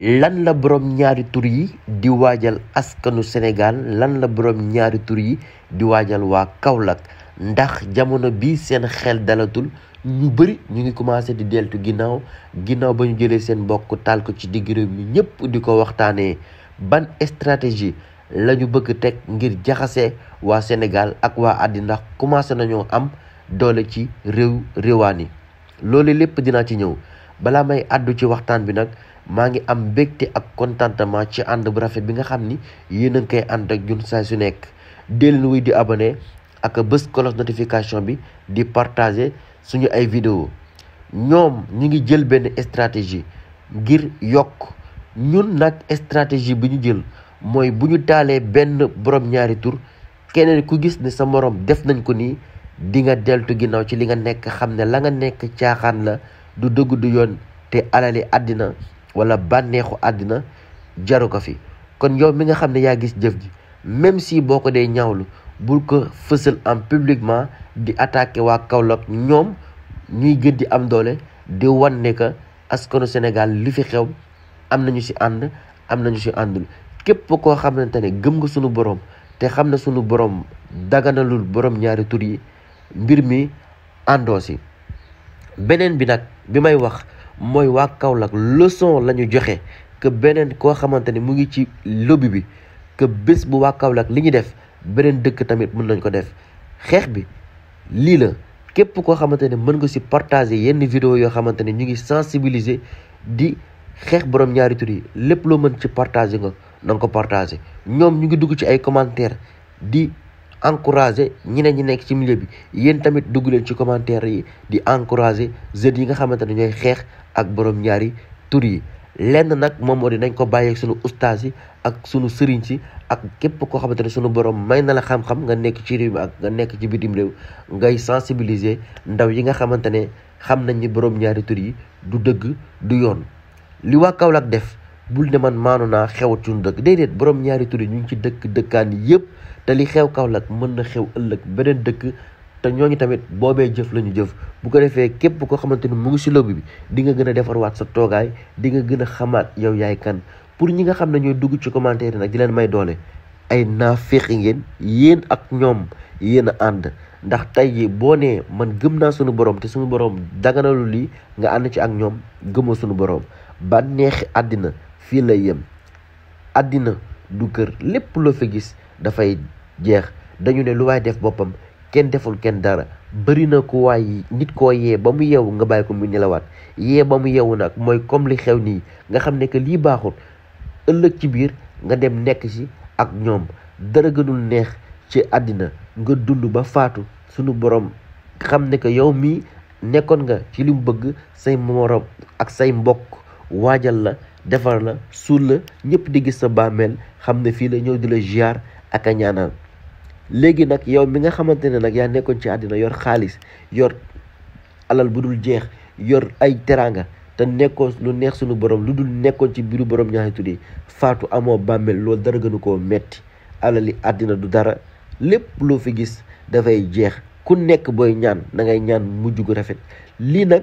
lan la borom ñaari tur yi di waajal askanu Sénégal lan la borom ñaari tur yi di waajal waa Kaolack ndax jamono bi seen xel dalatul ñu bëri ñu ngi commencé di deltu ginnaaw ginnaaw ba ñu jëlee seen mbokk taal ko ci digg réew mi ñëpp di ko waxtaanee ban stratégie la ñu bëgg teg ngir jaxase waa Sénégal ak waa àddi ndax commencé nañoo am doole ci réew réewaan yi loolu lépp dinaa ci ñëw balaa may àddu ci waxtaan bi nag maa ngi am mbégte ak contentement ci ànd bu rafet bi nga xam ni yéen a koy ànd ak ñun saa su nekk dee leen wuy di abone ak bés cloche notification bi di partager suñu ay vidéo ñoom ñu ngi jël benn stratégie ngir yokk ñun nag stratégie bi ñu jël mooy bu ñu taalee benn borom ñaari tur keneen ku gis ne sa morom def nañ ko nii di nga deltu ginnaaw ci li nga nekk xam ne la nga nekk caaxaan la du dëgg du yoon te alali àddina wala bànneexu àddina jaru ko fi kon yow mi nga xam ne yaa gis jëf ji même si boo ko dee ñaawlu bul ko fësal en publiquement di attaqué waa Kaolack ñoom ñuy gën di am doole di wan ne que askanu Sénégal li fi xew am nañu si ànd am nañu si àndul képp koo xamante ne gëm nga sunu borom te xam na sunu borom daganalul borom ñaari tur yi mbir mi àndoo si beneen bi nag bi may wax mooy waa Kaolack leçon la ñu joxe que beneen koo xamante ni mu ngi ci lobby bi que bés bu waa Kaolack li ñu def beneen dëkk tamit mën nañ ko def xeex bi lii la képp koo xamante ne mën nga si partager yenn vidéo yoo xamante ne ñu ngi sensibiliser di xeex borom ñaari tur yi lépp loo mën ci partager nga na nga ko partager ñoom ñu ngi dugg ci ay commentaires di encourager ñeneen ñi nekk ci milieu bi yéen tamit dugg leen ci commentaire yi di encourager jeunes yi nga xamante ne ñooy xeex ak boroom ñaari tur yi lenn nag moom moo di nañ ko bàyyeeg sunu ustaas ak sunu sëriñ si ak képp koo xamante ne sunu borom may na la xam-xam nga nekk ci réew bi ak nga nekk ci bitim réew ngay sensibiliser ndaw yi nga xamante ne xam nañ ni borom ñaari tur yi du dëgg du yoon li waa Kaolack def bul ne man maanu naa xewut suñu dëkk déedéet borom ñaari tur ñu ngi ci dëkk dëkkaan yëpp. te li xew lag mën na xew ëllëg beneen dëkk te ñooñu tamit boobee jëf lañu jëf bu ko defee képp ko xamante ni mu ngi si lobby bi di nga gën a defarwaat sa toogaay di nga gën a xamaat yow yaay kan pour ñi nga xam ne ñooy dugg ci commentaire yi nag di leen may doole ay naaféq ngeen yéen ak ñoom yéen a ànd ndax tey jii boo nee man gëm naa suñu borom te suñu borom daganalu lii nga ànd ci ak ñoom gëmoo suñu borom bànneexi àddina fii lay yem àddina du kër lépp loo fi gis dafay jeex dañu ne lu waay def boppam kenn deful kenn dara bëri na ku waay nit koo yee ba mu yeewu nga bàyyi ko mu nelawaat yee ba mu yeewu nag mooy comme li xew nii nga xam ne que lii baaxul ëllëg ci biir nga dem nekk ci ak ñoom dara gënul neex ci àddina nga dund ba faatu sunu borom xam ne que yow mii nekkoon nga ci limu bëgg say morom ak say mbokk waajal la defar la suul la ñëpp di gis sa bàmmeel xam ne fii la ñëw di la ziar ak a ñaanal léegi nag yow mi nga xamante ne nag yaa nekkoon ci àddina yor xaalis yor alal bu dul jeex yor ay teraanga te nekkoon lu neex suñu borom lu dul nekkoon ci biiru borom ñaari tuddi faatu amoo bàmmeel loolu dara gënu koo metti alali àddina du dara lépp loo fi gis dafay jeex ku nekk booy ñaan da ñaan mujj gu rafet lii nag.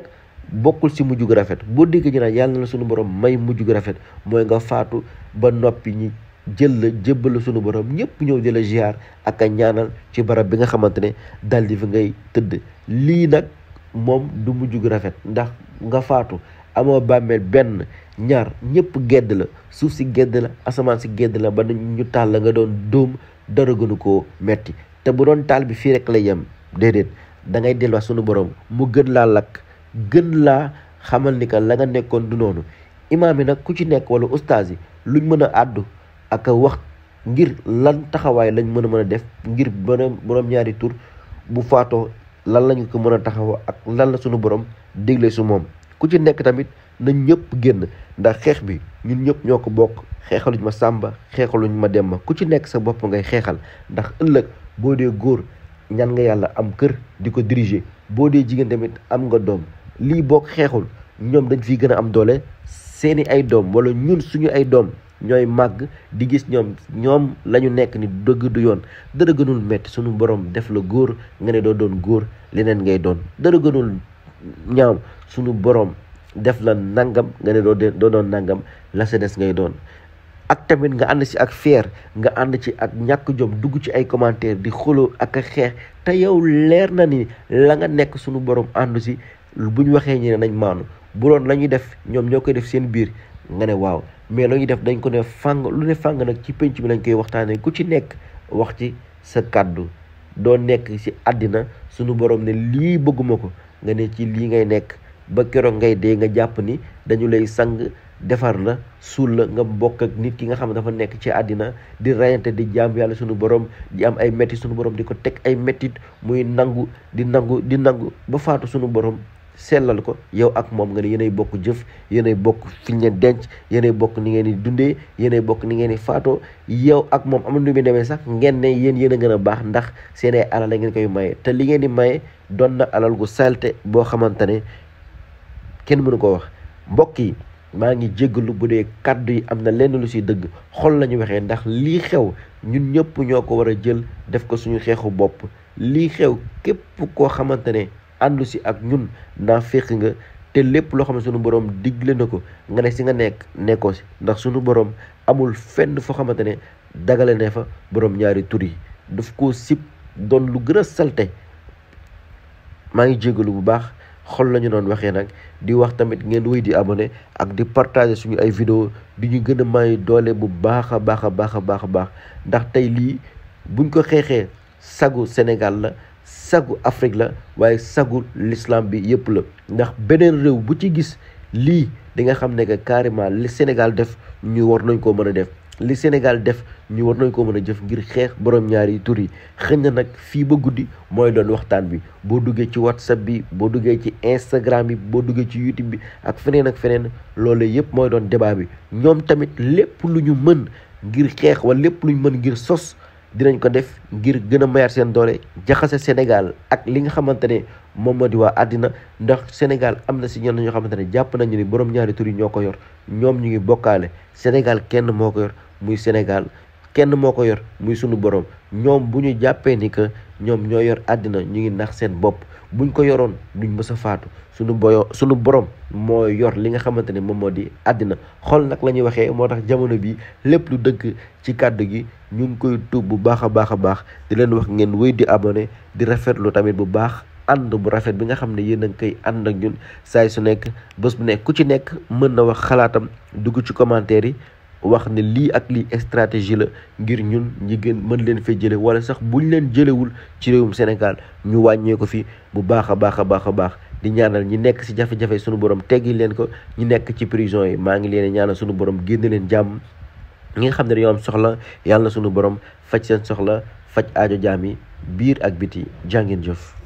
bokkul si mujj gu rafet boo déggee ñu naan yàlla na la sunu borom may mujj gu rafet mooy nga faatu ba noppi ñi jël la jébbal la sunu borom ñëpp ñëw di la ak a ñaanal ci barab bi nga xamante ne dal di fi ngay tëdd lii nag moom du mujj gu rafet ndax nga faatu amoo bàmmeel benn ñaar ñëpp gedd la suuf si gedd la asamaan si gedd la ba ñu taal la nga doon dóom dara gënu koo metti te bu doon taal bi fii rekk la yem déedéet dangay delloo delluwaat sunu borom mu gën laa lakk gën laa xamal ni que la nga nekkoon du noonu imaam yi nag ku ci nekk wala ustaas yi mën a àddu ak wax ngir lan taxawaay lañ mën a mën a def ngir borom borom ñaari tur bu faatoo lan lañu ko mën a taxaw ak lan la suñu borom dégle su moom ku ci nekk tamit nañ ñëpp génn ndax xeex bi ñun ñëpp ñoo ko bokk xeexaluñu ma sàmba xeexaluñ ma dem ma ku ci nekk sa bopp ngay xeexal ndax ëllëg boo dee góor ñan nga yàlla am kër di ko diriger boo dee jigéen tamit am nga doom lii bokk xeexul ñoom dañu fiy gën a am doole seeni ay doom wala ñun suñu ay doom ñooy màgg di gis ñoom ñoom lañu nekk ni dëgg du yoon dara gënul metti suñu borom def la góor nga ne doo doon góor leneen ngay doon dara gënul suñu borom def la nangam nga ne doo doon nangam la sa des ngay doon ak tamit nga ànd ci ak fier nga ànd ci ak ñàkk jom dugg ci ay commentaire di xolo ak a xeex te yow leer na ni la nga nekk suñu borom àndu si bu ñu waxee ñi ne nañ maanu bu doon la ñuy def ñoom ñoo koy def seen biir nga ne waaw mais la ñuy def dañ ko ne fàng lu ne fàng nag ci pénc mi lañ koy waxtaanee ku ci nekk wax ci sa kàddu doo nekk ci àddina sunu borom ne lii bëgguma ko nga ne ci lii ngay nekk ba keroog ngay dee nga jàpp ni dañu lay sang defar la suul la nga bokk ak nit ki nga xam ne dafa nekk ci àddina di reyante di jaam yàlla suñu borom di am ay mettit suñu borom di ko teg ay mettit muy nangu di nangu di nangu ba faatu suñu borom sellal ko yow ak moom nga ne yéenay bokk jëf yéenay bokk fi ñu leen denc yéenay bokk ni ngeen di dundee yéenay bokk ni ngeen di faatoo yow ak moom am na nu muy sax ngeen ne yéen yéen a gën a baax ndax seen ay alal la ngeen koy maye te li ngeen di maye doon na alal gu salte boo xamante ne kenn mënu koo wax mbokk yi maa ngi jéggalu bu dee kàddu yi am na lenn lu si dëgg xol la ñu waxee ndax lii xew ñun ñëpp ñoo ko war a jël def ko suñu xeexu bopp lii xew képp koo xamante ne àndu si ak ñun naa féq nga te lépp loo xam ne boroom borom digle na ko nga ne si nga nekk nekkoo si ndax sunu borom amul fenn foo xamante ne dagale ne fa boroom ñaari tur yi daf koo sib doon lu gën a salte maa ngi jégalu bu baax xol lañu doon waxee nag di wax tamit ngeen wéy di abonné ak di partager suñu ay video di ñu gën a may doole bu baax a baax a baax a baax a baax ndax tey lii buñ ko xeexee sagu senegal la sagu Afrique la waaye sagu l'islam bi yëpp la ndax beneen réew bu ci gis lii di nga xam ne que carrément li Sénégal def ñu war nañ ko mën a def li Sénégal def ñu war nañ ko mën a jëf ngir xeex borom ñaari tur yi xëy na nag fii ba guddi mooy doon waxtaan bi boo duggee ci whatsapp bi boo duggee ci Instagram bi boo duggee ci YouTube bi ak feneen ak feneen loolu yëpp mooy doon débat bi ñoom tamit lépp lu ñu mën ngir xeex wala lépp lu ñu mën ngir sos dinañ ko def ngir gën a mayaat seen doole jaxase Sénégal ak li nga xamante ne moom moo di waa àddina ndax Sénégal am na si ñenn ñoo xamante ne jàpp nañu ni borom ñaari tur yi ñoo ko yor ñoom ñu ngi bokkaale Sénégal kenn moo ko yor muy Sénégal kenn moo ko yor muy sunu borom ñoom bu ñu jàppee ni que ñoom ñoo yor àddina ñu ngi nax seen bopp. buñ ko yoroon duñ mës a faatu suñu boyo suñu borom moo yor li nga xamante ni moom moo di àddina xool nag la ñuy waxee moo tax jamono bi lépp lu dëkk ci kàddu gi ñu ngi koy tuub bu baax a baax a baax di leen wax ngeen wéy di abonné di rafetlu tamit bu baax ànd bu rafet bi nga xam ne yéen a koy ànd ak ñun saay su nekk bés bu nekk ku ci nekk mën na wax xalaatam dugg ci commentaire yi wax ne lii ak lii stratégie la ngir ñun ñi gën mën leen fee jële wala sax buñ leen jëlewul ci réewum Sénégal ñu wàññee ko fi bu baax a baax a baax a baax di ñaanal ñi nekk si jafe-jafe sunu borom teggi leen ko ñi nekk ci prison yi maa ngi leen ñaanal sunu borom génn leen jàmm ñi nga xam ne dañoo am soxla yàlla na sunu borom faj seen soxla faj aajo jaam yi biir ak biti jàngeen jëf